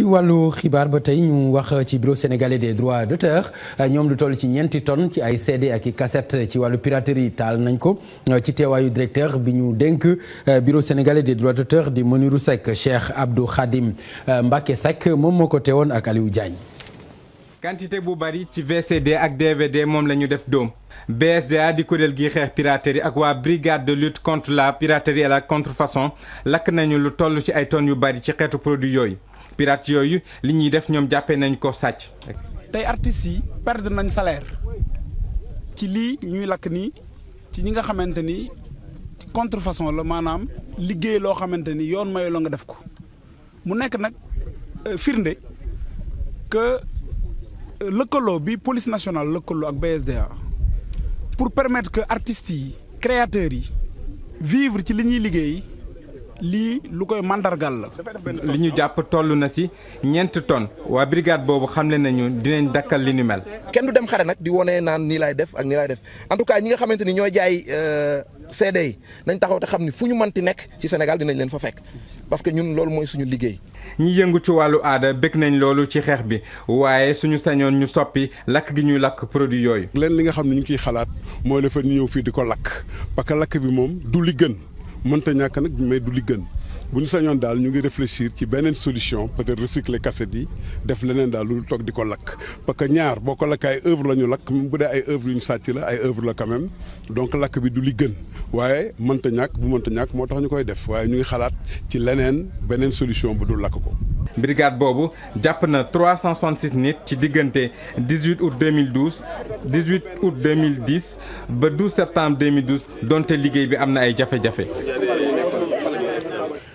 ci wàllu xibaar ba tey ñu wax ci bureau sénégalais des droits d'auteur ñoom lu toll ci ñeenti tonnes ci ay CD ak i cassette ci wàllu piraterie taal nañ ko ci teewaayu directeur bi ñu dénk bureau sénégalais des droits d'auteur di Mounirou Seck Cheikh Abdou Khadim Mbacké Seck moom moo ko woon ak Aliou Diagne. quantité bu bari ci VCD ak DVD moom la ñu def dóom BSDA di kuréel gi xeex piraterie ak waa brigade de lutte contre la piraterie et la contrefaçon lakk nañu lu toll ci ay tonnes yu bari ci xeetu produit yooyu pirate yooyu li ñuy def ñoom jàppee nañ ko sàcc. tey artistes yi perdre nañ salaire ci lii ñuy lakk nii ci ñi nga xamante ni contrefaçon la maanaam liggéey loo xamante ni yoon mayu la nga def ko mu nekk nag euh, firnde que lëkkaloo bi police national lëkkaloo ak BSDA pour permettre que artistes yi créateurs yi vivre ci li ñuy liggéey lii lu koy mandargal la. li ñu jàpp toll na si ñeenti tonnes waa brigade boobu xamle nañu dinañ dakkal li ni mel. kenn du dem xare nag di wone naan nii laay def ak nii laay def en tout cas ñi nga xamante ni ñooy jaay euh, CD yi nañ taxaw te xam ni fu ñu mënti nekk ci senegal Sénégal dinañ leen fa fekk. parce que ñun loolu mooy suñu liggéey. ñi yëngu ci wàllu aada bëgg nañ loolu ci xeex bi waaye suñu sañoon ñu soppi lakk gi ñuy lakk produit yooyu. leen li nga xam ne ñu ngi ciy xalaat mooy dafa ñëw fii di ko lakk parce que lakk bi moom du li gën mënta ñàkk nag mais du li gën. bu ñu sañoon daal ñu ngi réfléchir ci beneen solution peut-être recycler yi def leneen daal lu toog di ko lakk parce que ñaar boo ko lakk ay œuvre la ñu lakk même bu dee ay œuvre yu ñu sàcc la ay œuvre la quand même donc lakk bi du li gën waaye mënta ñàkk bu mënta ñàkk moo tax ñu koy def waaye ñu ngi xalaat ci leneen beneen solution bu dul lakk ko. brigade boobu jàpp na 366 nit ci diggante 18 août 2012 18 août 2010 ba 12 septembre 2012 donte liggéey bi am na ay jafe-jafe.